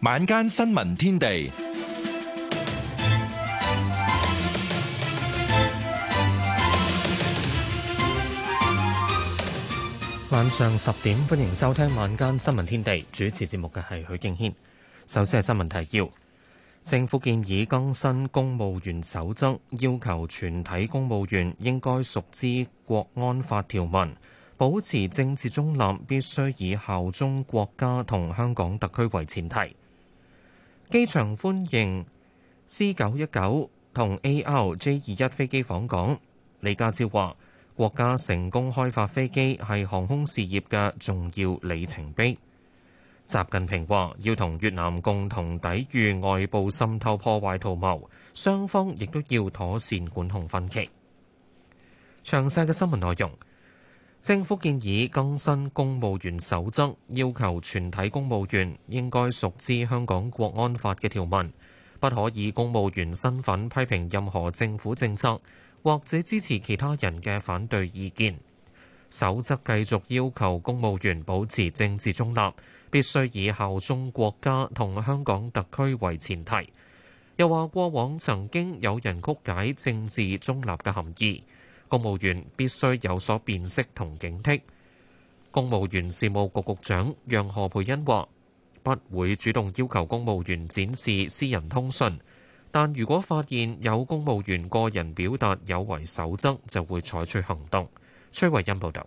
晚間新聞天地，晚上十點，歡迎收聽晚間新聞天地。主持節目嘅係許敬軒。首先係新聞提要，政府建議更新公務員守則，要求全體公務員應該熟知國安法條文。保持政治中立，必須以效忠國家同香港特區為前提。機場歡迎 C 九一九同 A R J 二一飛機訪港。李家超話，國家成功開發飛機係航空事業嘅重要里程碑。習近平話，要同越南共同抵禦外部滲透破壞圖謀，雙方亦都要妥善管控分歧。詳細嘅新聞內容。政府建議更新公務員守則，要求全體公務員應該熟知香港國安法嘅條文，不可以公務員身份批評任何政府政策，或者支持其他人嘅反對意見。守則繼續要求公務員保持政治中立，必須以效忠國家同香港特區為前提。又話，過往曾經有人曲解政治中立嘅含義。公務員必須有所辨識同警惕。公務員事務局局長楊何蓓茵話：不會主動要求公務員展示私人通訊，但如果發現有公務員個人表達有違守則，就會採取行動。崔惠恩報道。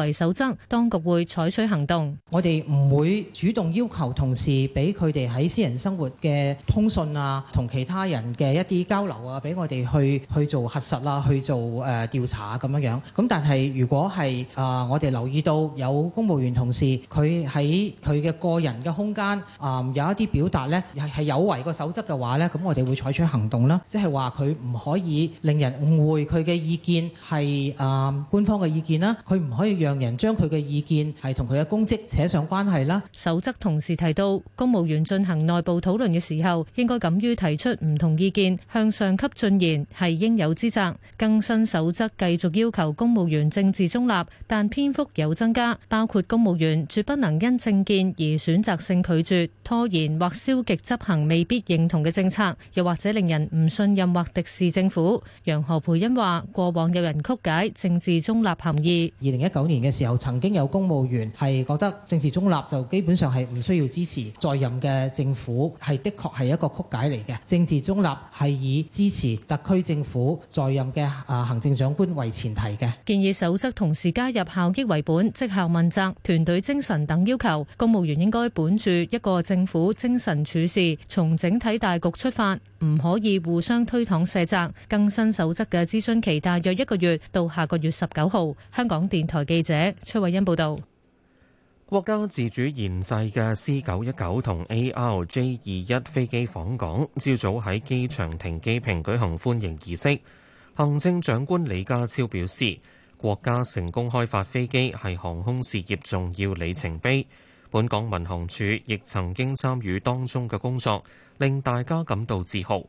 為守則，當局會採取行動。我哋唔會主動要求同事俾佢哋喺私人生活嘅通訊啊，同其他人嘅一啲交流啊，俾我哋去去做核實啦、啊，去做誒、呃、調查咁樣樣。咁但係如果係啊、呃，我哋留意到有公務員同事佢喺佢嘅個人嘅空間啊、呃，有一啲表達咧，係係有違個守則嘅話咧，咁我哋會採取行動啦。即係話佢唔可以令人誤會佢嘅意見係啊、呃、官方嘅意見啦，佢唔可以讓。讓人將佢嘅意見係同佢嘅公職扯上關係啦。守則同時提到，公務員進行內部討論嘅時候，應該敢於提出唔同意見，向上級進言係應有之責。更新守則繼續要求公務員政治中立，但篇幅有增加，包括公務員絕不能因政見而選擇性拒絕、拖延或消極執行未必認同嘅政策，又或者令人唔信任或敵視政府。楊何培恩話，過往有人曲解政治中立含義。二零一九年嘅時候曾經有公務員係覺得政治中立就基本上係唔需要支持在任嘅政府係的確係一個曲解嚟嘅政治中立係以支持特區政府在任嘅啊行政長官為前提嘅建議守則同時加入效益為本、績效問責、團隊精神等要求公務員應該本住一個政府精神處事，從整體大局出發，唔可以互相推搪卸責。更新守則嘅諮詢期大約一個月，到下個月十九號。香港電台記者。者崔慧欣報道，國家自主研製嘅 C 九一九同 A R J 二一飛機訪港，朝早喺機場停機坪舉行歡迎儀式。行政長官李家超表示，國家成功開發飛機係航空事業重要里程碑。本港民航處亦曾經參與當中嘅工作，令大家感到自豪。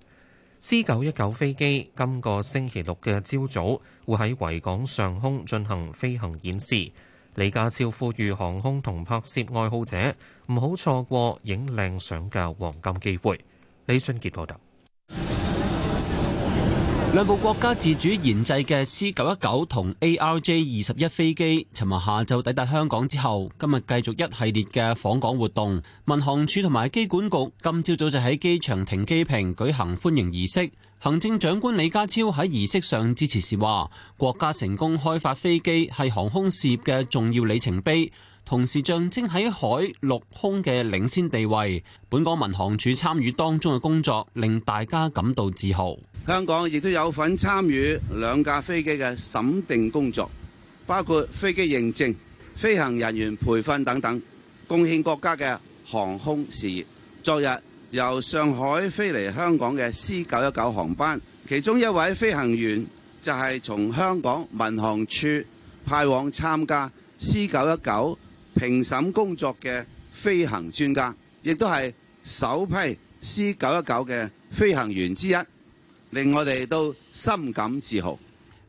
C 九一九飛機今個星期六嘅朝早會喺維港上空進行飛行演示。李家超呼籲航空同拍攝愛好者唔好錯過影靚相嘅黃金機會。李俊傑報道。兩部國家自主研製嘅 C 九一九同 ARJ 二十一飛機，尋日下晝抵達香港之後，今日繼續一系列嘅訪港活動。民航處同埋機管局今朝早就喺機場停機坪舉行歡迎儀式。行政長官李家超喺儀式上致辭時話：國家成功開發飛機係航空事業嘅重要里程碑。同時象徵喺海陸空嘅領先地位，本港民航處參與當中嘅工作，令大家感到自豪。香港亦都有份參與兩架飛機嘅審定工作，包括飛機認證、飛行人員培訓等等，貢獻國家嘅航空事業。昨日由上海飛嚟香港嘅 C 九一九航班，其中一位飛行員就係從香港民航處派往參加 C 九一九評審工作嘅飛行專家，亦都係首批 C919 嘅飛行員之一，令我哋都深感自豪。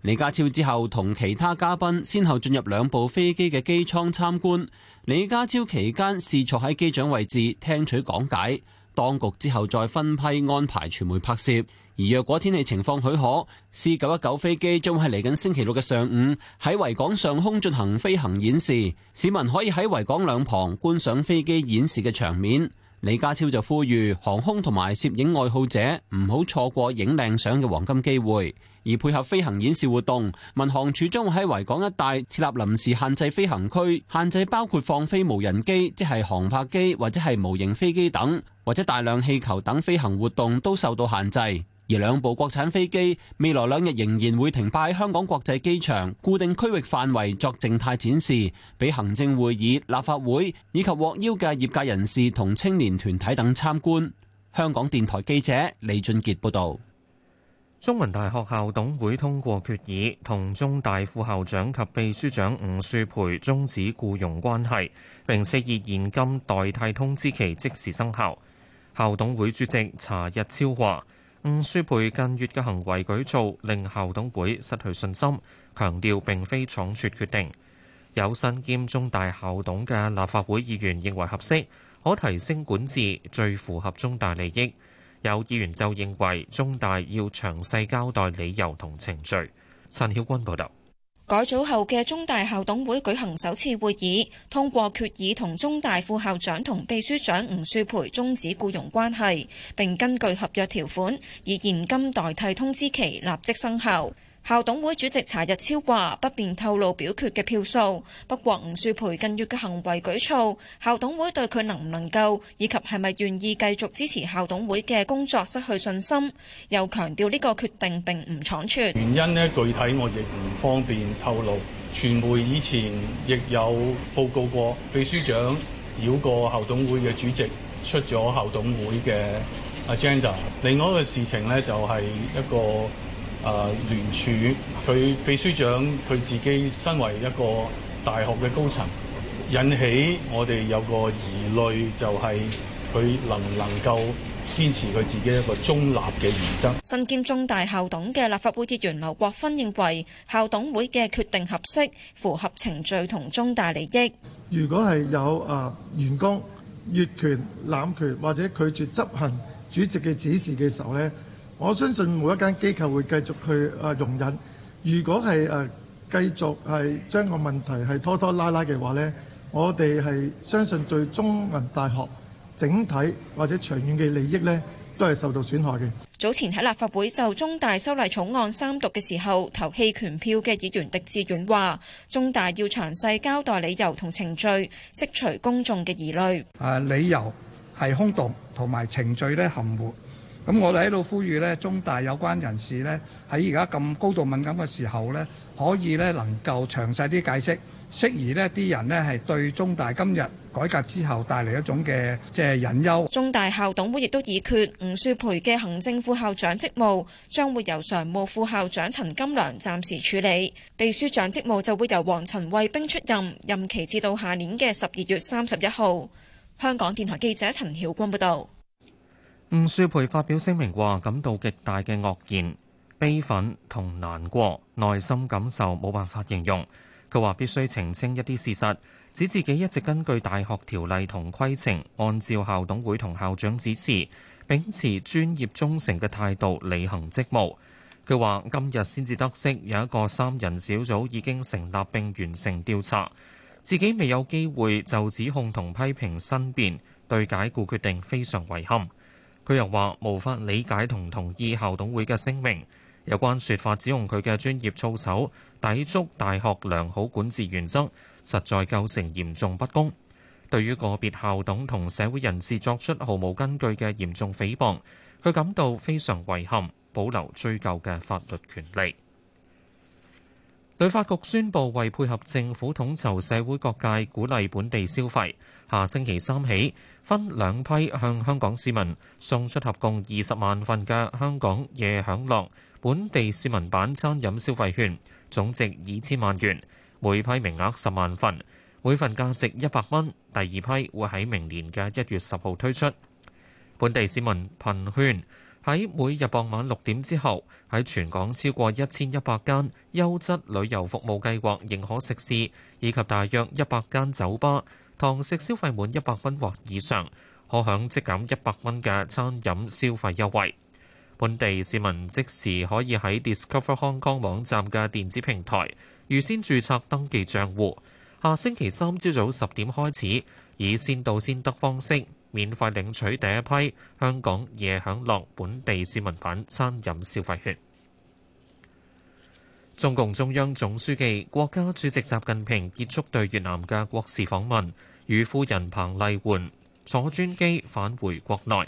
李家超之後同其他嘉賓先後進入兩部飛機嘅機艙參觀。李家超期間試坐喺機長位置，聽取講解。當局之後再分批安排傳媒拍攝。而若果天氣情況許可 c 九一九飛機將會喺嚟緊星期六嘅上午喺維港上空進行飛行演示，市民可以喺維港兩旁觀賞飛機演示嘅場面。李家超就呼籲航空同埋攝影愛好者唔好錯過影靚相嘅黃金機會。而配合飛行演示活動，民航處將喺維港一帶設立臨時限制飛行區，限制包括放飛無人機即係航拍機或者係模型飛機等，或者大量氣球等飛行活動都受到限制。而兩部國產飛機未來兩日仍然會停泊喺香港國際機場固定區域範圍作靜態展示，俾行政會議、立法會以及獲邀嘅業界人士同青年團體等參觀。香港電台記者李俊傑報導。中文大學校董會通過決議，同中大副校長及秘書長吳樹培終止僱傭關係，並以現金代替通知期，即時生效。校董會主席查日超話。吳舒培近月嘅行為舉措，令校董會失去信心。強調並非重決決定。有身兼中大校董嘅立法會議員認為合適，可提升管治，最符合中大利益。有議員就認為中大要詳細交代理由同程序。陳曉君報道。改組後嘅中大校董會舉行首次會議，通過決議同中大副校長同秘書長吳樹培終止僱傭關係，並根據合約條款以現金代替通知期，立即生效。校董會主席查日超話不便透露表決嘅票數，不過吳樹培近月嘅行為舉措，校董會對佢能唔能夠以及係咪願意繼續支持校董會嘅工作失去信心，又強調呢個決定並唔倉促。原因呢，具體我亦唔方便透露。傳媒以前亦有報告過，秘書長繞過校董會嘅主席出咗校董會嘅 agenda。另外一個事情呢，就係一個。啊！聯署佢秘書長，佢自己身為一個大學嘅高層，引起我哋有個疑慮，就係佢能唔能夠堅持佢自己一個中立嘅原則。身兼中大校董嘅立法會議員劉國芬認為，校董會嘅決定合適，符合程序同中大利益。如果係有啊員工越權濫權或者拒絕執行主席嘅指示嘅時候呢。我相信每一間機構會繼續去啊容忍。如果係誒繼續係將個問題係拖拖拉拉嘅話呢，我哋係相信對中文大學整體或者長遠嘅利益呢都係受到損害嘅。早前喺立法會就中大修例草案三讀嘅時候，投棄權票嘅議員狄志遠話：中大要詳細交代理由同程序，釋除公眾嘅疑慮。誒，理由係空洞，同埋程序呢含糊。咁我哋喺度呼籲咧，中大有關人士咧，喺而家咁高度敏感嘅時候咧，可以咧能夠詳細啲解釋適宜咧啲人咧係，對中大今日改革之後帶嚟一種嘅即係隱憂。中大校董會亦都已決吳樹培嘅行政副校長職務將會由常務副校長陳金良暫時處理，秘書長職務就會由黃陳衛兵出任，任期至到下年嘅十二月三十一號。香港電台記者陳曉君報道。吳樹培發表聲明話，感到極大嘅愕然、悲憤同難過，內心感受冇辦法形容。佢話必須澄清一啲事實，指自己一直根據大學條例同規程，按照校董會同校長指示，秉持專業忠誠嘅態度履行職務。佢話今日先至得悉，有一個三人小組已經成立並完成調查，自己未有機會就指控同批評申辯，對解僱決定非常遺憾。佢又話無法理解同同意校董會嘅聲明，有關說法指控佢嘅專業操守抵觸大學良好管治原則，實在構成嚴重不公。對於個別校董同社會人士作出毫無根據嘅嚴重誹謗，佢感到非常遺憾，保留追究嘅法律權利。旅發局宣布，為配合政府統籌社會各界，鼓勵本地消費，下星期三起分兩批向香港市民送出合共二十萬份嘅香港夜享樂本地市民版餐飲消費券，總值二千萬元，每批名額十萬份，每份價值一百蚊。第二批會喺明年嘅一月十號推出，本地市民憑券。喺每日傍晚六點之後，喺全港超過一千一百間優質旅遊服務計劃認可食肆，以及大約一百間酒吧，堂食消費滿一百蚊或以上，可享即減一百蚊嘅餐飲消費優惠。本地市民即時可以喺 Discover Hong Kong 網站嘅電子平台預先註冊登記賬戶，下星期三朝早十點開始，以先到先得方式。免費領取第一批香港夜享樂本地市民版餐飲消費券。中共中央總書記、國家主席習近平結束對越南嘅國事訪問，與夫人彭麗媛坐專機返回國內。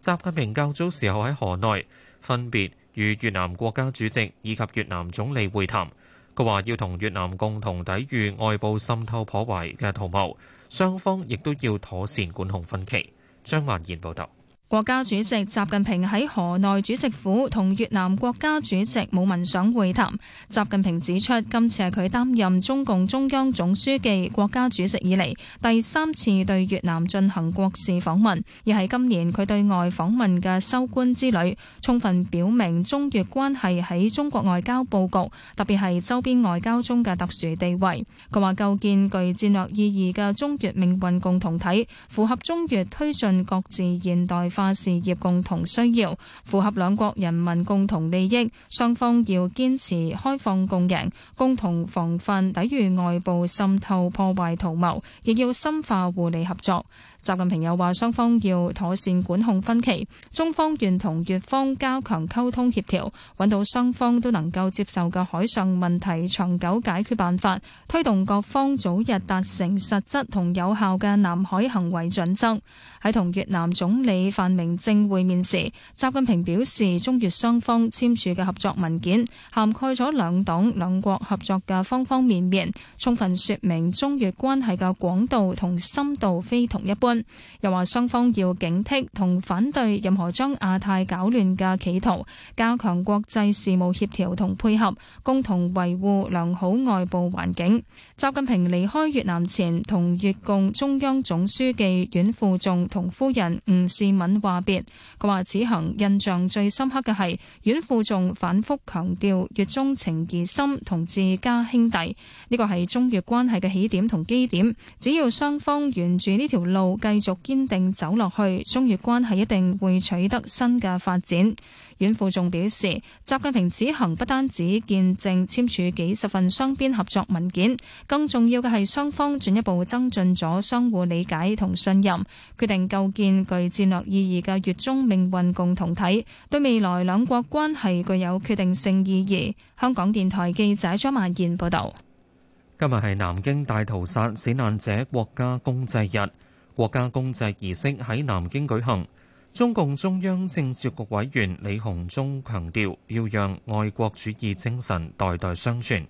習近平較早時候喺河內分別與越南國家主席以及越南總理會談，佢話要同越南共同抵御外部滲透破壞嘅圖謀。雙方亦都要妥善管控分歧。張萬賢報導。國家主席習近平喺河內主席府同越南國家主席武文賞會談。習近平指出，今次係佢擔任中共中央總書記、國家主席以嚟，第三次對越南進行國事訪問，亦係今年佢對外訪問嘅收官之旅。充分表明中越關係喺中國外交布局，特別係周邊外交中嘅特殊地位。佢話構建具戰略意義嘅中越命運共同體，符合中越推進各自現代。化事業共同需要，符合兩國人民共同利益。雙方要堅持開放共贏，共同防範抵禦外部滲透破壞圖謀，亦要深化互利合作。習近平又話：雙方要妥善管控分歧，中方願同越方加強溝通協調，揾到雙方都能夠接受嘅海上問題長久解決辦法，推動各方早日達成實質同有效嘅南海行為準則。喺同越南總理范明政會面時，習近平表示：中越雙方簽署嘅合作文件涵蓋咗兩黨兩國合作嘅方方面面，充分説明中越關係嘅廣度同深度非同一般。又話雙方要警惕同反對任何將亞太搞亂嘅企圖，加強國際事務協調同配合，共同維護良好外部環境。習近平離開越南前，同越共中央總書記阮富仲同夫人吳氏敏話別。佢話此行印象最深刻嘅係阮富仲反覆強調越中情誼深同自家兄弟，呢個係中越關係嘅起點同基點。只要雙方沿住呢條路。繼續堅定走落去，中越關係一定會取得新嘅發展。阮富仲表示，習近平此行不單止見證簽署幾十份雙邊合作文件，更重要嘅係雙方進一步增進咗相互理解同信任，決定構建具戰略意義嘅越中命運共同體，對未來兩國關係具有決定性意義。香港電台記者張曼燕報道。今日係南京大屠殺死難者國家公祭日。國家公祭儀式喺南京舉行，中共中央政治局委員李鴻忠強調，要讓愛國主義精神代代相傳。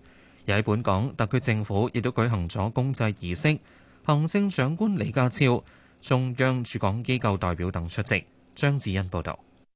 又喺本港，特區政府亦都舉行咗公祭儀式，行政長官李家超、中央駐港機構代表等出席。張智恩報道。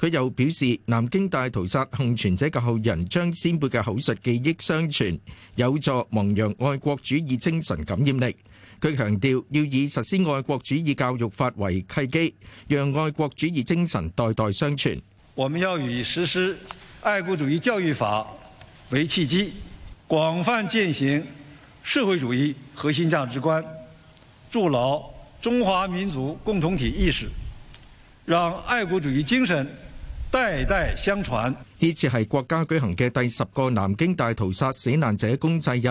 佢又表示，南京大屠殺幸存者嘅後人將先輩嘅口述記憶相傳，有助弘揚愛國主義精神感染力。佢強調要以實施《愛國主義教育法》為契機，讓愛國主義精神代代相傳。我們要以實施《愛國主義教育法》為契機，廣泛踐行社會主義核心價值觀，築牢中華民族共同體意識，讓愛國主義精神代代相傳。呢次係國家舉行嘅第十個南京大屠殺死難者公祭日。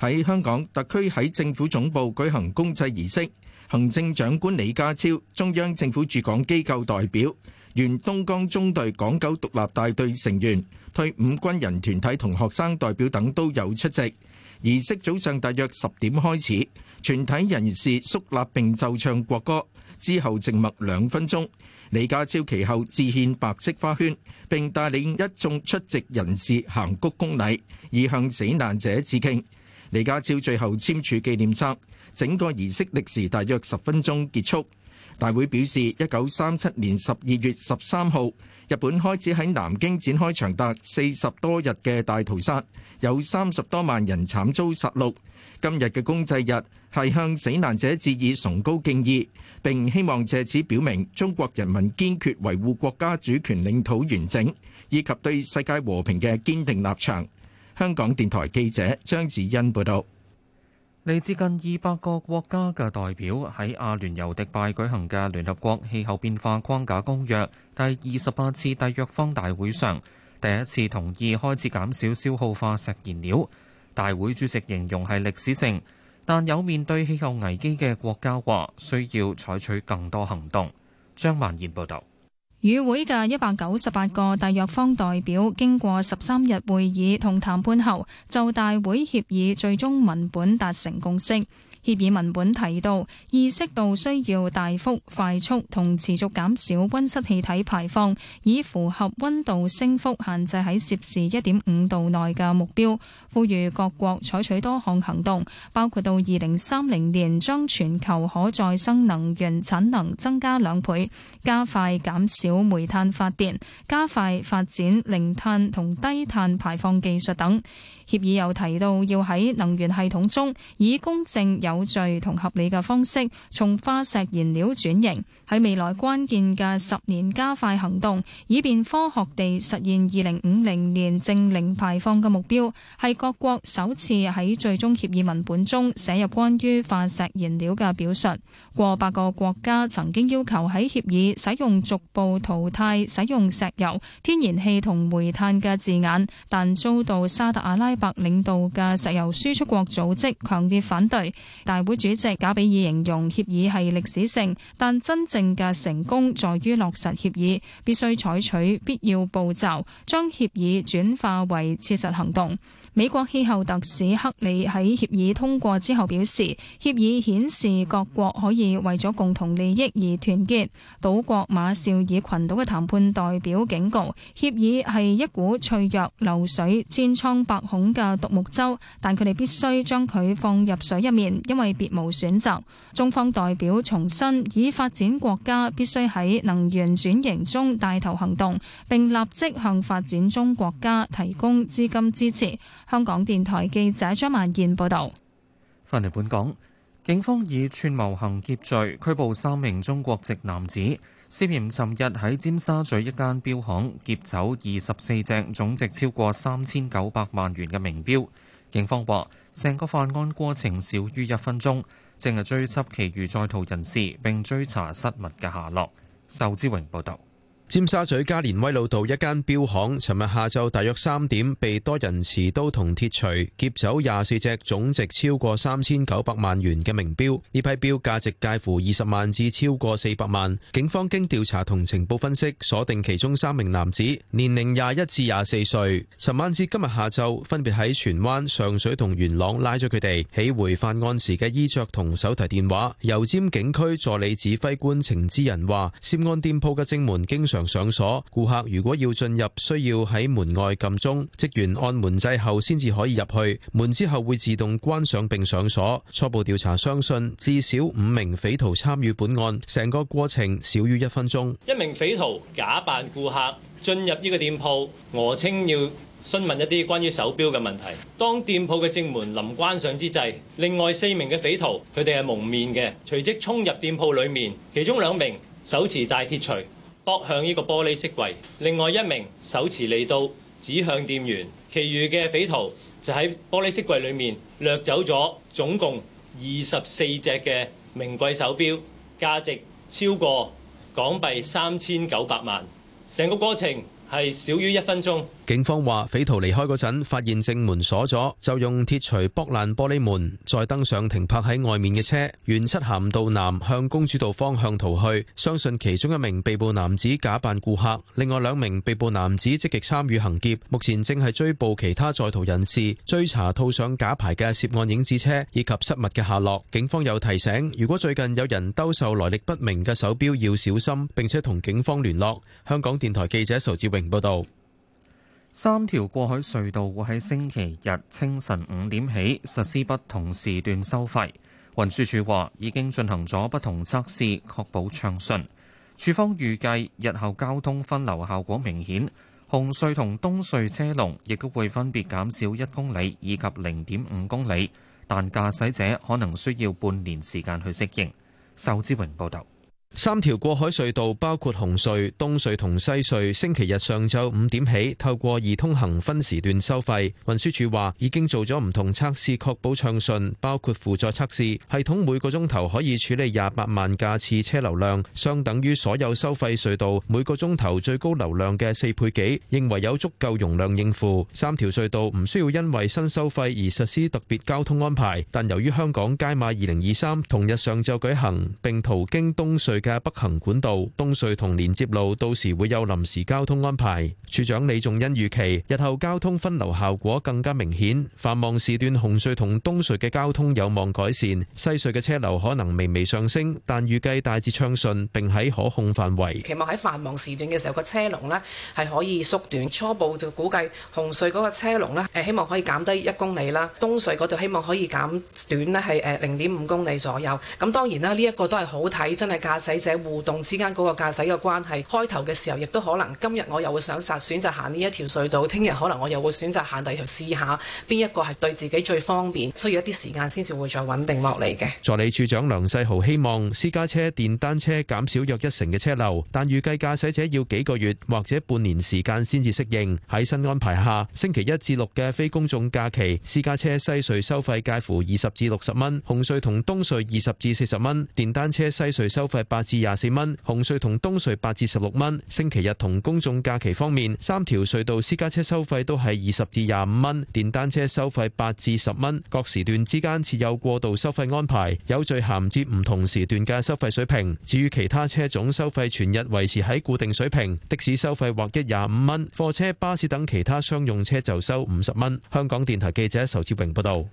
喺香港特區喺政府總部舉行公祭儀式。行政長官李家超、中央政府駐港機構代表、原東江中隊港九獨立大隊成員、退伍軍人團體同學生代表等都有出席。儀式早上大約十點開始，全體人士肅立並奏唱國歌，之後靜默兩分鐘。李家超其後致獻白色花圈，並帶領一眾出席人士行鞠躬禮，以向死難者致敬。李家超最後簽署紀念冊，整個儀式歷時大約十分鐘結束。大會表示，一九三七年十二月十三號，日本開始喺南京展開長達四十多日嘅大屠殺，有三十多萬人慘遭殺戮。今日嘅公祭日係向死難者致以崇高敬意，並希望借此表明中國人民堅決維護國家主權領土完整以及對世界和平嘅堅定立場。香港電台記者張子欣報道。嚟自近二百個國家嘅代表喺阿聯酋迪拜舉行嘅聯合國氣候變化框架公約第二十八次締約方大會上，第一次同意開始減少消耗化石燃料。大會主席形容係歷史性，但有面對氣候危機嘅國家話需要採取更多行動。張萬賢報導。與會嘅一百九十八個大約方代表經過十三日會議同談判後，就大會協議最終文本達成共識。協議文本提到，意識到需要大幅、快速同持續減少温室氣體排放，以符合溫度升幅限制喺攝氏一點五度內嘅目標。呼籲各國採取多項行動，包括到二零三零年將全球可再生能源產能增加兩倍，加快減少煤炭發電，加快發展零碳同低碳排放技術等。協議又提到要喺能源系統中以公正、有序同合理嘅方式從化石燃料轉型，喺未來關鍵嘅十年加快行動，以便科學地實現2050年淨零排放嘅目標，係各國首次喺最終協議文本中寫入關於化石燃料嘅表述。過百個國家曾經要求喺協議使用逐步淘汰使用石油、天然氣同煤炭嘅字眼，但遭到沙特阿拉伯白領導嘅石油輸出國組織強烈反對。大會主席賈比爾形容協議係歷史性，但真正嘅成功在於落實協議，必須採取必要步驟，將協議轉化為切實行動。美國氣候特使克里喺協議通過之後表示，協議顯示各國可以為咗共同利益而團結。島國馬紹爾群島嘅談判代表警告，協議係一股脆弱、漏水、千瘡百孔嘅獨木舟，但佢哋必須將佢放入水入面，因為別無選擇。中方代表重申，已發展國家必須喺能源轉型中帶頭行動，並立即向發展中國家提供資金支持。香港電台記者張曼燕報道：翻嚟本港，警方以串謀行劫罪拘捕三名中國籍男子，涉嫌尋日喺尖沙咀一間表行劫走二十四隻總值超過三千九百萬元嘅名表。警方話，成個犯案過程少於一分鐘，正係追緝其餘在逃人士，並追查失物嘅下落。仇志榮報道。尖沙咀嘉連威老道一間錶行，尋日下晝大約三點，被多人持刀同鐵錘劫走廿四隻總值超過三千九百萬元嘅名錶。呢批錶價值介乎二十萬至超過四百萬。警方經調查同情報分析，鎖定其中三名男子，年齡廿一至廿四歲。尋晚至今日下晝，分別喺荃灣、上水同元朗拉咗佢哋，起回犯案時嘅衣着同手提電話。油尖警區助理指揮官程之仁話：涉案店鋪嘅正門經常上上鎖，顧客如果要進入，需要喺門外撳鐘，職員按門掣後先至可以入去，門之後會自動關上並上鎖。初步調查相信至少五名匪徒參與本案，成個過程少於一分鐘。一名匪徒假扮顧客進入呢個店鋪，訛稱要詢問一啲關於手錶嘅問題。當店鋪嘅正門臨關上之際，另外四名嘅匪徒佢哋係蒙面嘅，隨即衝入店鋪裏面，其中兩名手持大鐵錘。駁向呢個玻璃飾櫃，另外一名手持利刀指向店員，其餘嘅匪徒就喺玻璃飾櫃裏面掠走咗總共二十四隻嘅名貴手錶，價值超過港幣三千九百萬。成個過程，係少於一分鐘。警方話，匪徒離開嗰陣，發現正門鎖咗，就用鐵錘剝爛玻璃門，再登上停泊喺外面嘅車，沿漆咸道南向公主道方向逃去。相信其中一名被捕男子假扮顧客，另外兩名被捕男子積極參與行劫。目前正係追捕其他在逃人士，追查套上假牌嘅涉案影子車以及失物嘅下落。警方又提醒：如果最近有人兜售來歷不明嘅手錶，要小心並且同警方聯絡。香港電台記者仇志榮。報道：三條過海隧道會喺星期日清晨五點起實施不同時段收費。運輸署話已經進行咗不同測試，確保暢順。署方預計日後交通分流效果明顯，紅隧同東隧車龍亦都會分別減少一公里以及零點五公里，但駕駛者可能需要半年時間去適應。仇志榮報道。三條過海隧道包括紅隧、東隧同西隧，星期日上晝五點起透過二通行分時段收費。運輸署話已經做咗唔同測試，確保暢順，包括輔助測試。系統每個鐘頭可以處理廿八萬架次車流量，相等於所有收費隧道每個鐘頭最高流量嘅四倍幾，認為有足夠容量應付。三條隧道唔需要因為新收費而實施特別交通安排。但由於香港街馬二零二三同日上晝舉行，並途經東隧嘅北行管道、東隧同連接路，到時會有臨時交通安排。處長李仲恩預期，日後交通分流效果更加明顯，繁忙時段紅隧同東隧嘅交通有望改善，西隧嘅車流可能微微上升，但預計大致暢順，並喺可控範圍。期望喺繁忙時段嘅時候，個車龍咧係可以縮短。初步就估計紅隧嗰個車龍咧，誒希望可以減低一公里啦；東隧嗰度希望可以減短咧係誒零點五公里左右。咁當然啦，呢一個都係好睇，真係駕。駕駛使者互動之間嗰個駕駛嘅關係，開頭嘅時候亦都可能，今日我又會想殺選擇行呢一條隧道，聽日可能我又會選擇行第二條，試下邊一個係對自己最方便，需要一啲時間先至會再穩定落嚟嘅。助理處長梁世豪希望私家車、電單車減少約一成嘅車流，但預計駕駛者要幾個月或者半年時間先至適應喺新安排下。星期一至六嘅非公眾假期，私家車西隧收費介乎二十至六十蚊，紅隧同東隧二十至四十蚊，電單車西隧收費八至廿四蚊，紅隧同東隧八至十六蚊。星期日同公眾假期方面，三條隧道私家車收費都係二十至廿五蚊，電單車收費八至十蚊。各時段之間設有過渡收費安排，有序銜接唔同時段嘅收費水平。至於其他車種收費，全日維持喺固定水平。的士收費或一廿五蚊，貨車、巴士等其他商用車就收五十蚊。香港電台記者仇志榮報道。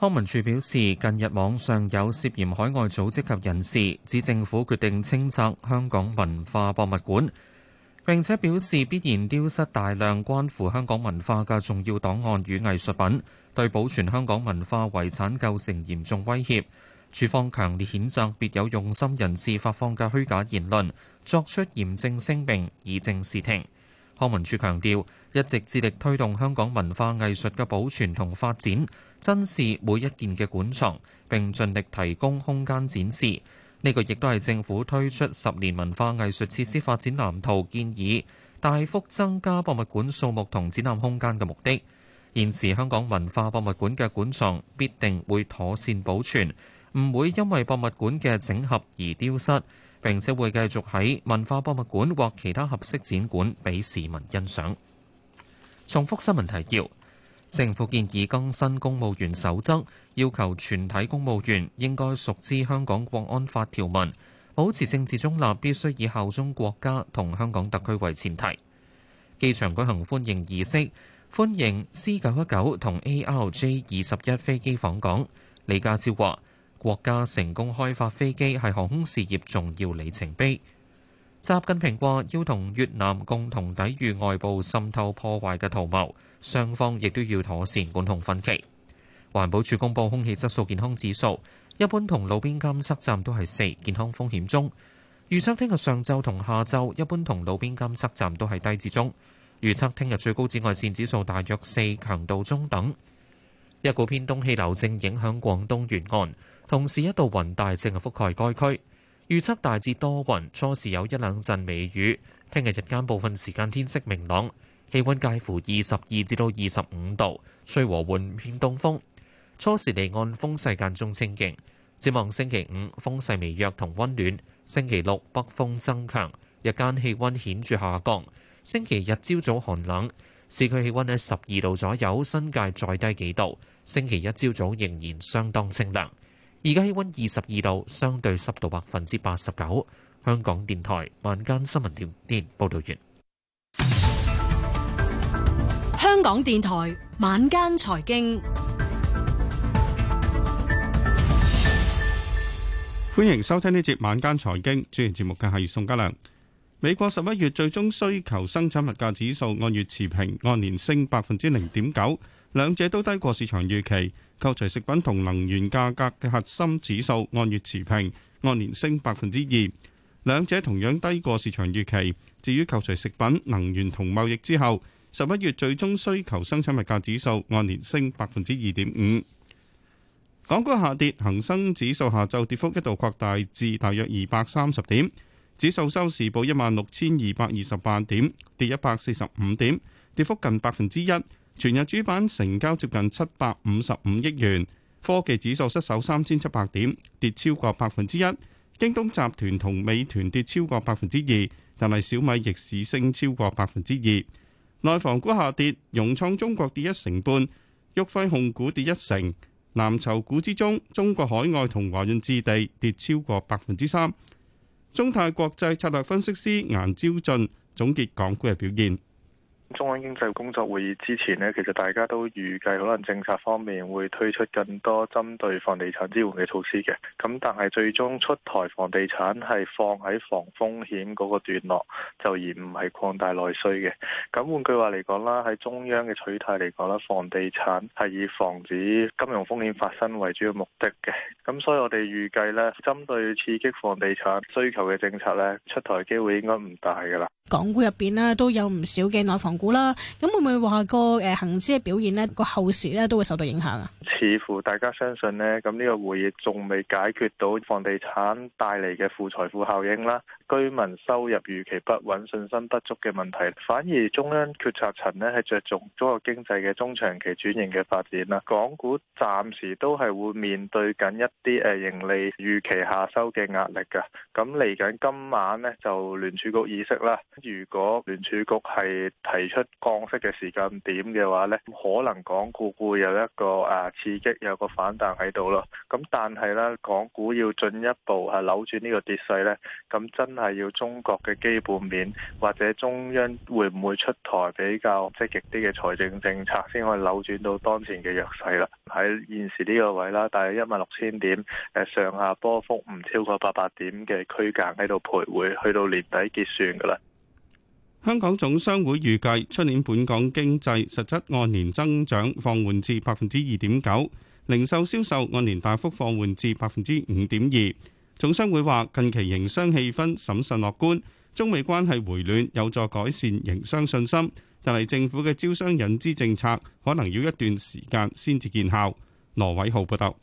康文署表示，近日網上有涉嫌海外組織及人士，指政府決定清拆香港文化博物館，並且表示必然丟失大量關乎香港文化嘅重要檔案與藝術品，對保存香港文化遺產構成嚴重威脅，署方強烈譴責別有用心人士發放嘅虛假言論，作出嚴正聲明，以正視聽。康文署強調，一直致力推動香港文化藝術嘅保存同發展，珍視每一件嘅館藏，並盡力提供空間展示。呢個亦都係政府推出十年文化藝術設施發展藍圖建議，大幅增加博物館數目同展覽空間嘅目的。現時香港文化博物館嘅館藏必定會妥善保存，唔會因為博物館嘅整合而丟失。並且會繼續喺文化博物館或其他合適展館俾市民欣賞。重複新聞提要：政府建議更新公務員守則，要求全體公務員應該熟知香港國安法條文，保持政治中立，必須以效忠國家同香港特區為前提。機場舉行歡迎儀式，歡迎 C 九一九同 ARJ 二十一飛機訪港。李家超話：國家成功開發飛機係航空事業重要里程碑。習近平話要同越南共同抵禦外部滲透破壞嘅圖謀，雙方亦都要妥善管控分歧。環保署公布空氣質素健康指數，一般同路邊監測站都係四，健康風險中。預測聽日上晝同下晝，一般同路邊監測站都係低至中。預測聽日最高紫外線指數大約四，強度中等。一股偏東氣流正影響廣東沿岸。同時，一道雲大正日覆蓋該區，預測大致多雲，初時有一兩陣微雨。聽日日間部分時間天色明朗，氣温介乎二十二至到二十五度，吹和緩偏東風。初時離岸風勢間中清勁，展望星期五風勢微弱同温暖，星期六北風增強，日間氣温顯著下降。星期日朝早，早寒冷，市區氣温喺十二度左右，新界再低幾度。星期一朝早，早仍然相當清涼。而家氣溫二十二度，相對濕度百分之八十九。香港電台晚間新聞電電報道完。香港電台晚間財經，歡迎收聽呢節晚間財經主持節目嘅係宋家良。美國十一月最終需求生產物價指數按月持平，按年升百分之零點九。兩者都低過市場預期，扣除食品同能源價格嘅核心指數按月持平，按年升百分之二。兩者同樣低過市場預期。至於扣除食品、能源同貿易之後，十一月最終需求生產物價指數按年升百分之二點五。港股下跌，恒生指數下晝跌幅一度擴大至大約二百三十點，指數收市報一萬六千二百二十八點，跌一百四十五點，跌幅近百分之一。全日主板成交接近七百五十五億元，科技指數失守三千七百點，跌超過百分之一。京東集團同美團跌超過百分之二，但係小米逆市升超過百分之二。內房股下跌，融創中國跌一成半，旭輝控股跌一成。藍籌股之中，中國海外同華潤置地跌超過百分之三。中泰國際策略分析師顏朝俊總結港股嘅表現。中央經濟工作會議之前呢，其實大家都預計可能政策方面會推出更多針對房地產支援嘅措施嘅。咁但係最終出台房地產係放喺防風險嗰個段落，就而唔係擴大內需嘅。咁換句話嚟講啦，喺中央嘅取態嚟講啦，房地產係以防止金融風險發生為主要目的嘅。咁所以我哋預計呢，針對刺激房地產需求嘅政策呢，出台機會應該唔大噶啦。港股入邊呢，都有唔少嘅內房。股啦，咁會唔會話個誒恒指嘅表現咧，個後市咧都會受到影響啊？似乎大家相信咧，咁呢個會議仲未解決到房地產帶嚟嘅負財富效應啦，居民收入預期不穩、信心不足嘅問題，反而中央決策層咧係着重中國經濟嘅中長期轉型嘅發展啦。港股暫時都係會面對緊一啲誒盈利預期下收嘅壓力噶。咁嚟緊今晚咧就聯儲局議息啦，如果聯儲局係提出降息嘅時間點嘅話呢可能港股會有一個誒刺激，有個反彈喺度咯。咁但係呢，港股要進一步係扭轉呢個跌勢呢咁真係要中國嘅基本面或者中央會唔會出台比較積極啲嘅財政政策，先可以扭轉到當前嘅弱勢啦。喺現時呢個位啦，大約一萬六千點上下波幅唔超過八百點嘅區間喺度徘徊，去到年底結算噶啦。香港總商會預計，出年本港經濟實質按年增長放緩至百分之二點九，零售銷售，售按年大幅放緩至百分之五點二。總商會話，近期營商氣氛審慎樂觀，中美關係回暖有助改善營商信心，但係政府嘅招商引資政策可能要一段時間先至見效。羅偉浩報道。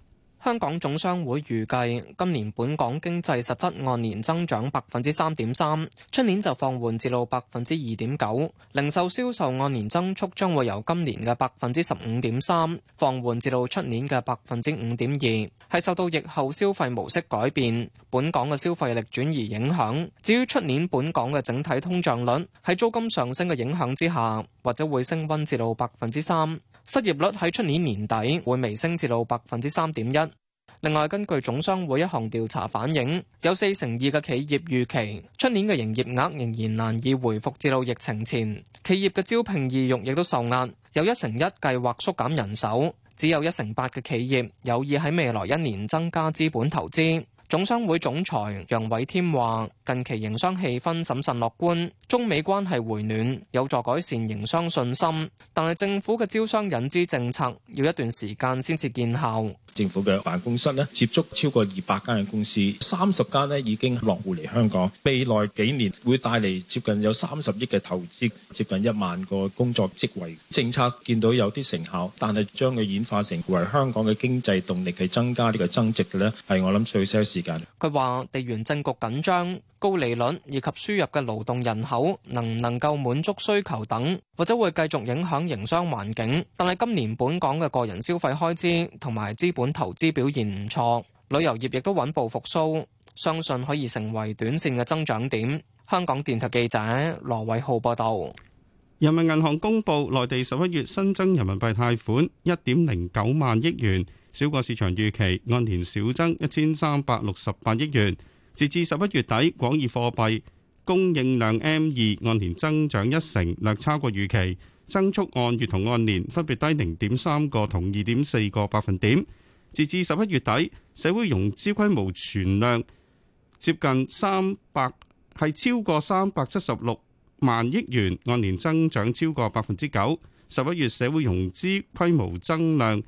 香港總商會預計今年本港經濟實質按年增長百分之三點三，出年就放緩至到百分之二點九。零售銷售按年增速將會由今年嘅百分之十五點三放緩至到出年嘅百分之五點二，係受到疫後消費模式改變、本港嘅消費力轉移影響。至於出年本港嘅整體通脹率喺租金上升嘅影響之下，或者會升溫至到百分之三。失業率喺出年年底會微升至到百分之三點一。另外，根據總商會一項調查反映，有四成二嘅企業預期出年嘅營業額仍然難以回復至到疫情前。企業嘅招聘意欲亦都受壓，有一成一計劃縮減人手，只有一成八嘅企業有意喺未來一年增加資本投資。總商會總裁楊偉添話，近期營商氣氛審慎樂觀。中美關係回暖有助改善營商信心，但係政府嘅招商引資政策要一段時間先至見效。政府嘅辦公室呢接觸超過二百間嘅公司，三十間呢已經落戶嚟香港。未來幾年會帶嚟接近有三十億嘅投資，接近一萬個工作職位。政策見到有啲成效，但係將佢演化成為香港嘅經濟動力，係增加呢個增值嘅呢，係我諗最需要時間。佢話地緣政局緊張。高利率、以及輸入嘅勞動人口能唔能夠滿足需求等，或者會繼續影響營商環境。但係今年本港嘅個人消費開支同埋資本投資表現唔錯，旅遊業亦都穩步復蘇，相信可以成為短線嘅增長點，香港電台記者羅偉浩報道。人民銀行公布，內地十一月新增人民幣貸款一點零九萬億元，少過市場預期，按年少增一千三百六十八億元。截至十一月底，廣義貨幣供應量 M 二按年增長一成，略超過預期，增速按月同按年分別低零點三個同二點四個百分點。截至十一月底，社會融資規模存量接近三百，係超過三百七十六萬億元，按年增長超過百分之九。十一月社會融資規模增量，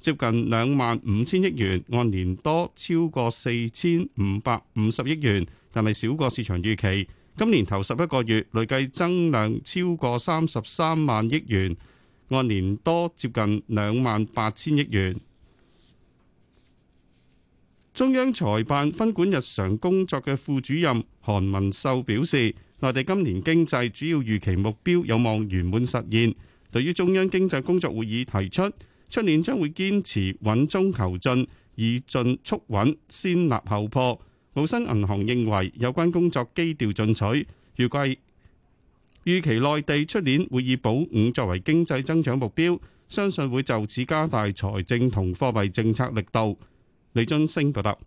接近兩萬五千億元，按年多超過四千五百五十億元，但係少過市場預期。今年頭十一個月累計增量超過三十三萬億元，按年多接近兩萬八千億元。中央財辦分管日常工作嘅副主任韓文秀表示，內地今年經濟主要預期目標有望圓滿實現。對於中央經濟工作會議提出，出年將會堅持穩中求進，以進促穩，先立後破。澳新銀行認為有關工作基調進取，預計預期內地出年會以保五作為經濟增長目標，相信會就此加大財政同貨幣政策力度。李津升報道。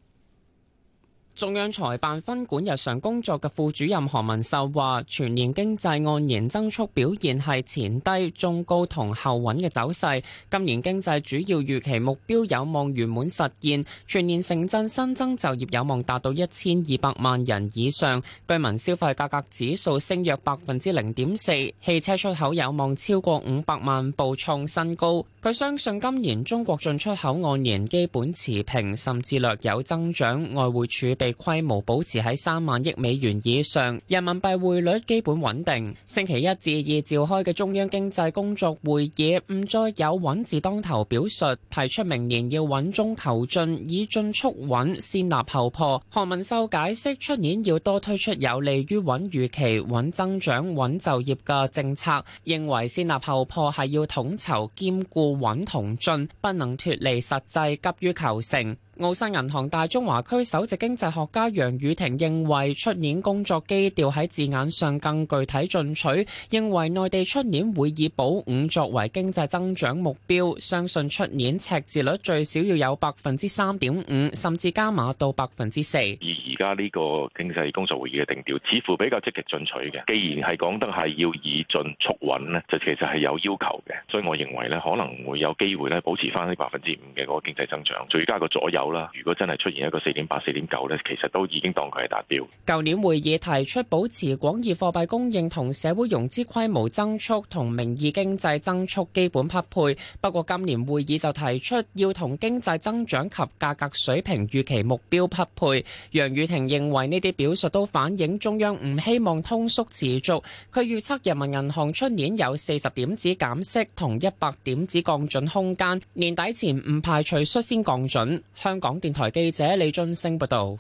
中央財辦分管日常工作嘅副主任何文秀話：全年經濟按年增速表現係前低中高同後穩嘅走勢。今年經濟主要預期目標有望圓滿實現，全年城鎮新增就業有望達到一千二百萬人以上，居民消費價格指數升約百分之零點四，汽車出口有望超過五百萬部創新高。佢相信今年中國進出口按年基本持平，甚至略有增長，外匯儲備規模保持喺三萬億美元以上，人民幣匯率基本穩定。星期一至二召開嘅中央經濟工作會議唔再有穩字當頭表述，提出明年要穩中求進，以進促穩，先立後破。韓文秀解釋，出年要多推出有利於穩預期、穩增長、穩就業嘅政策，認為先立後破係要統籌兼顧穩同進，不能脫離實際，急於求成。澳新銀行大中華區首席經濟學家楊宇婷認為出年工作基調喺字眼上更具體進取，認為內地出年會以保五作為經濟增長目標，相信出年赤字率最少要有百分之三點五，甚至加碼到百分之四。而而家呢個經濟工作會議嘅定調似乎比較積極進取嘅，既然係講得係要以進促穩呢就其實係有要求嘅，所以我認為呢可能會有機會呢保持翻呢百分之五嘅嗰個經濟增長，最加嘅左右。啦，如果真係出現一個四點八、四點九咧，其實都已經當佢係達標。舊年會議提出保持廣義貨幣供應同社會融資規模增速同名義經濟增速基本匹配，不過今年會議就提出要同經濟增長及價格水平預期目標匹配。楊宇婷認為呢啲表述都反映中央唔希望通縮持續。佢預測人民銀行出年有四十點子減息同一百點子降準空間，年底前唔排除率先降準。香港電台記者李俊升報道，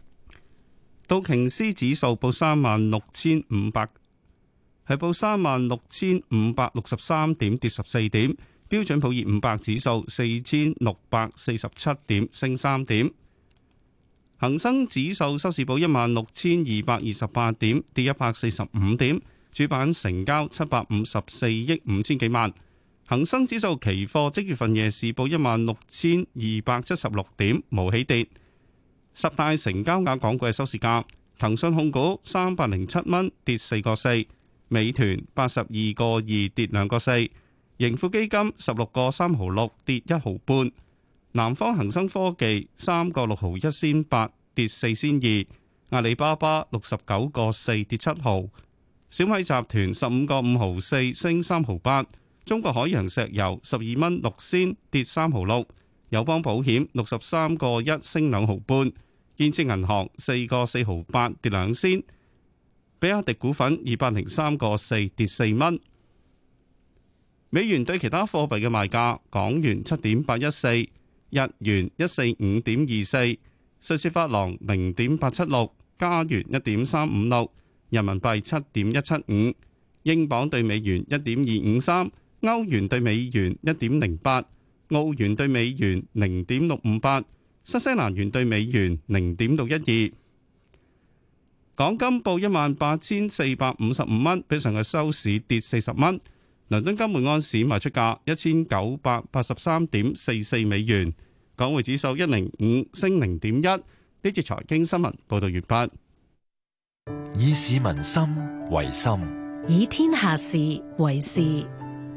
道瓊斯指數報三萬六千五百，係報三萬六千五百六十三點，跌十四點。標準普爾五百指數四千六百四十七點，升三點。恒生指數收市報一萬六千二百二十八點，跌一百四十五點。主板成交七百五十四億五千幾萬。恒生指數期貨即月份夜市報一萬六千二百七十六點，冇起跌。十大成交額港股嘅收市價：騰訊控股三百零七蚊，跌四個四；美團八十二個二，跌兩個四；盈富基金十六個三毫六，跌一毫半；南方恒生科技三個六毫一仙八，跌四仙二；阿里巴巴六十九個四，跌七毫；小米集團十五個五毫四，升三毫八。中國海洋石油十二蚊六仙，跌三毫六，友邦保險六十三個一，升兩毫半，建設銀行四個四毫八，跌兩仙，比亞迪股份二百零三個四，跌四蚊。美元對其他貨幣嘅賣價：港元七點八一四，日元一四五點二四，瑞士法郎零點八七六，加元一點三五六，人民幣七點一七五，英鎊對美元一點二五三。歐元對美元一點零八，澳元對美元零點六五八，新西蘭元對美元零點六一二。港金報一萬八千四百五十五蚊，比上日收市跌四十蚊。倫敦金每安士賣出價一千九百八十三點四四美元。港匯指數一零五升零點一。呢節財經新聞報道完畢。以市民心為心，以天下事為事。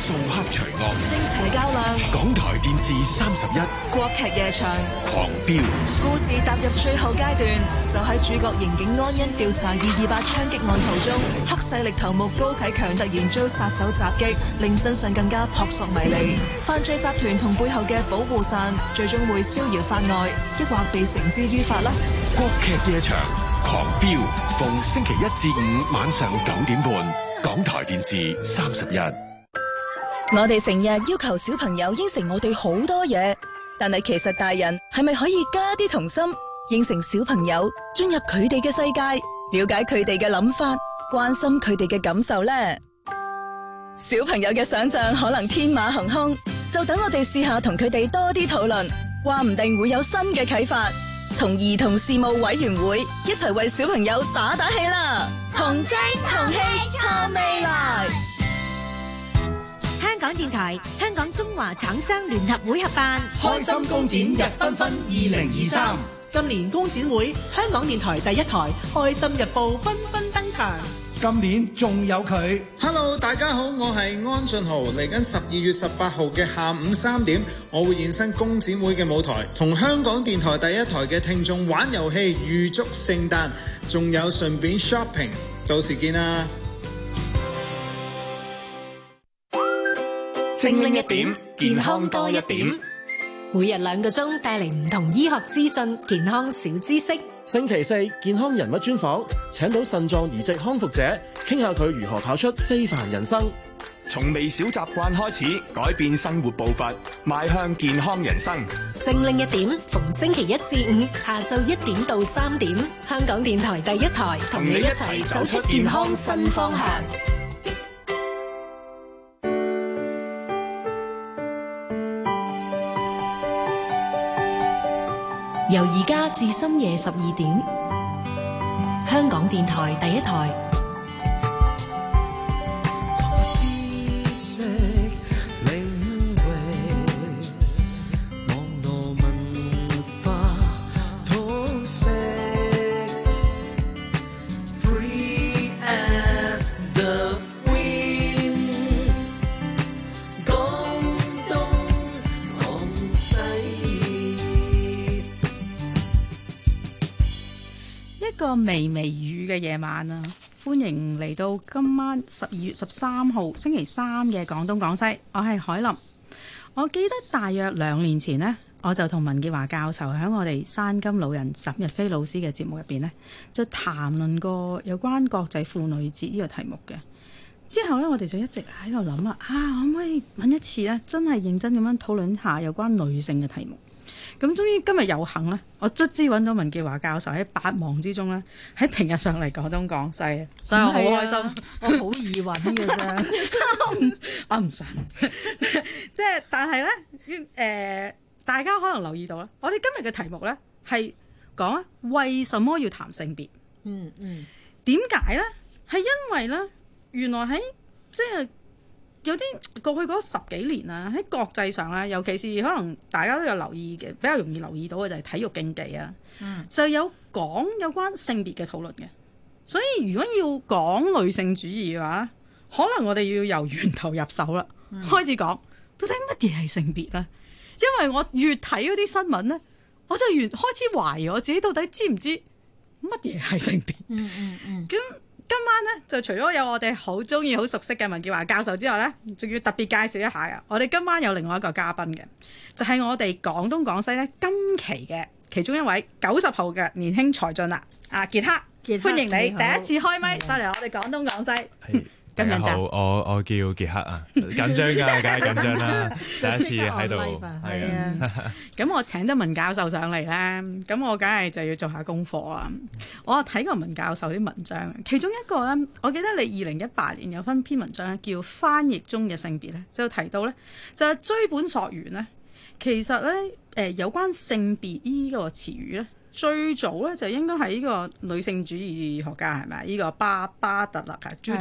掃黑除惡，正邪較量。港台電視三十一，國劇夜場狂飆。故事踏入最後階段，就喺主角刑警安欣調查二二八槍擊案途中，黑勢力頭目高啟強突然遭殺手襲擊，令真相更加撲朔迷離。犯罪集團同背後嘅保護傘，最終會逍遙法外，抑或被繩之於法啦。國劇夜場狂飆，逢星期一至五晚上九點半，港台電視三十一。我哋成日要求小朋友應承我哋好多嘢，但係其實大人係咪可以加啲童心，應承小朋友，進入佢哋嘅世界，了解佢哋嘅諗法，關心佢哋嘅感受呢？小朋友嘅想象可能天馬行空，就等我哋試下同佢哋多啲討論，話唔定會有新嘅啟發。同兒童事務委員會一齊為小朋友打打氣啦！同聲同氣。電台香港中華廠商聯合會合辦開心工展日繽紛二零二三，今年工展會香港電台第一台開心日報紛紛登場，今年仲有佢。Hello，大家好，我係安俊豪，嚟緊十二月十八號嘅下午三點，我會現身工展會嘅舞台，同香港電台第一台嘅聽眾玩遊戲，預祝聖誕，仲有順便 shopping，到時見啦。精靈一點，健康多一點。每日兩個鐘帶嚟唔同醫學資訊、健康小知識。星期四健康人物專訪，請到腎臟移植康復者，傾下佢如何跑出非凡人生。從微小習慣開始，改變生活步伐，邁向健康人生。精靈一點，逢星期一至五下晝一點到三點，香港電台第一台，同你一齊走出健康新方向。由而家至深夜十二點，香港電台第一台。微微雨嘅夜晚啊，歡迎嚟到今晚十二月十三號星期三嘅廣東廣西。我係海琳。我記得大約兩年前呢，我就同文潔華教授喺我哋山金老人岑日飛老師嘅節目入邊呢，就談論過有關國際婦女節呢個題目嘅。之後呢，我哋就一直喺度諗啊，啊可唔可以揾一次呢？真係認真咁樣討論一下有關女性嘅題目。咁終於今日有幸咧，我卒之揾到文傑華教授喺百忙之中咧，喺平日上嚟講東講西，所以我好開心。啊、我好易揾嘅啫，我唔信。即係，但係咧、呃，大家可能留意到啦，我哋今日嘅題目咧係講為什麼要談性別？嗯嗯，點解咧？係因為咧，原來喺即係。就是有啲過去嗰十幾年啦，喺國際上啦，尤其是可能大家都有留意嘅，比較容易留意到嘅就係體育競技啊、嗯，就有講有關性別嘅討論嘅。所以如果要講女性主義嘅話，可能我哋要由源頭入手啦、嗯，開始講到底乜嘢係性別咧？因為我越睇嗰啲新聞咧，我就越開始懷疑我自己到底知唔知乜嘢係性別？嗯嗯嗯。咁今晚咧就除咗有我哋好中意、好熟悉嘅文建華教授之外咧，仲要特別介紹一下啊！我哋今晚有另外一個嘉賓嘅，就係、是、我哋廣東廣西咧今期嘅其中一位九十後嘅年輕才俊啦、啊！啊傑克，歡迎你，你第一次開咪、嗯，上嚟我哋廣東廣西。好，我我叫傑克啊，緊張噶，梗係緊張啦， 第一次喺度。係啊，咁、啊、我請咗文教授上嚟咧，咁我梗係就要做下功課啊。我睇過文教授啲文章，其中一個咧，我記得你二零一八年有分篇文章咧，叫《翻譯中嘅性別》咧，就提到咧，就係、是、追本溯源咧，其實咧，誒有關性別呢個詞語咧，最早咧就應該係呢個女性主義學家係咪啊？呢、這個巴巴特勒啊。